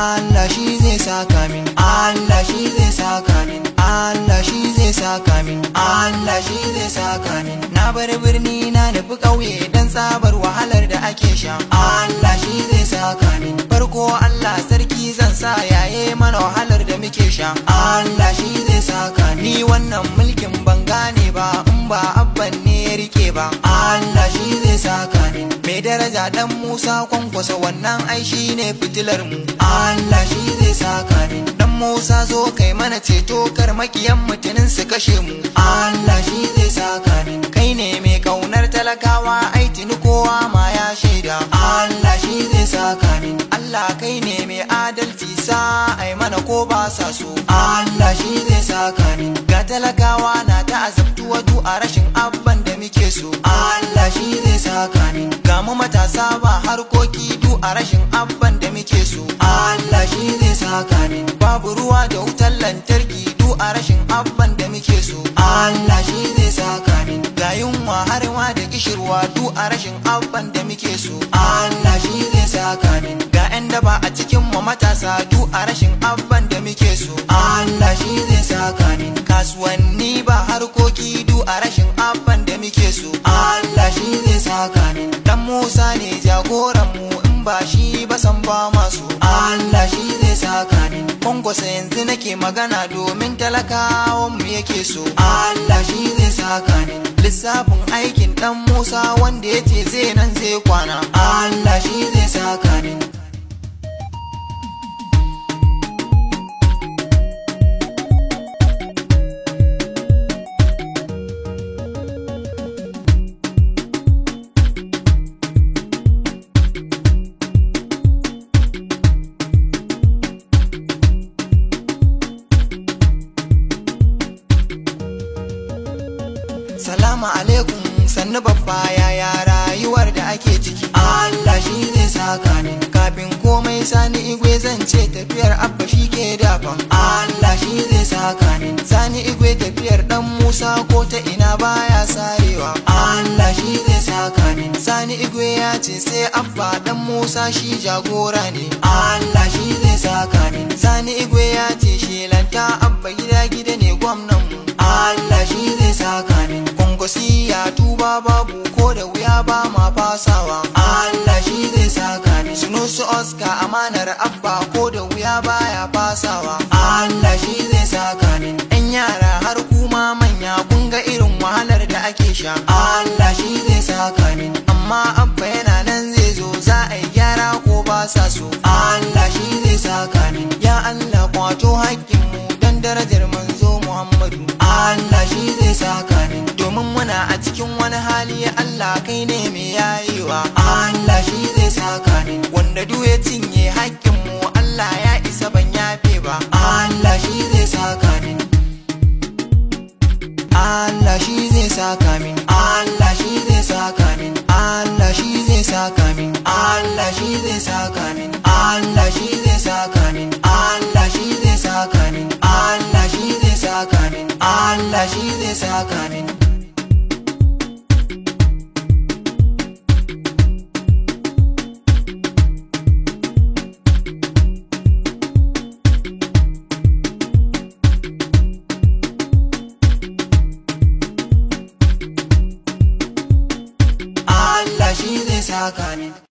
Allah shi zai saka min Allah shi zai saka min Allah shi zai saka min Allah shi zai saka min na bar birni na nufi ƙauye dan tsabar wahalar da ake sha Allah shi zai saka min farko Allah sarki zan sa yaye mana wahalar da muke sha Allah shi zai saka ni wannan mulkin ban gane ba in ba abban ne ya rike ba Allah shi zai saka ni mai daraja dan Musa kwankwasa wannan ai shi ne fitilar mu Allah shi zai saka ni dan Musa zo kai mana ceto kar makiyan mutunin su kashe mu Allah shi zai saka ni kai ne mai kaunar talakawa adalci sa ai mana ko ba sa so Allah shi zai saka ni ga talakawa na ta azabtuwa du a rashin abban da muke so Allah shi zai saka ni ga mu matasa ba harkoki du a rashin abban da muke so Allah shi zai saka ni babu ruwa da wutar lantarki du a rashin abban da muke so Allah shi zai saka ni ga yunwa har da kishirwa du a rashin abban da muke so Allah shi zai saka ni da daba a cikin mu matasa du a rashin abban da muke so Allah shi zai saka ni kasuwanni ba harkoki du a rashin abban da muke so Allah shi zai saka ni dan Musa ne jagoran mu in ba shi ba san ba masu Allah shi zai saka ni Kwankwasa yanzu nake magana domin talakawan mu yake so Allah shi zai saka ni lissafin aikin dan Musa wanda yace zai nan zai kwana Allah shi zai saka ni Salamu alaikum sannu babba yaya rayuwar da ake ciki Allah shi zai saka ni kafin komai sani igwe zan ce tafiyar abba shi ke dafa Allah shi zai saka ni sani igwe tafiyar dan Musa ko ta ina baya sarewa Allah shi zai saka ni sani igwe ya ce sai abba dan Musa shi jagora ne Allah shi zai Baba babu ko da wuya ba ma fasawa Allah shi zai saka ni suno su Oscar amanar abba ko da wuya baya fasawa Allah shi zai saka ni ɗan yara har kuma manya kun ga irin wahalar da ake sha Allah shi zai saka ni amma abba yana nan zai zo za a yi gyara ko ba sa so Allah shi zai saka ni ya Allah kwato hakkin mu dan darajar manzo Muhammadu Allah shi zai saka a cikin wani hali Allah kai ne mai yayewa Allah shi zai saka ni wanda duk ya cinye haƙƙin mu Allah ya isa ban yafe ba Allah shi zai saka ni Allah shi zai saka min Allah shi zai saka min Allah shi zai saka min Allah shi zai saka min Allah shi zai saka min Allah shi zai saka min Allah shi zai saka min Allah shi zai saka min kaaniin.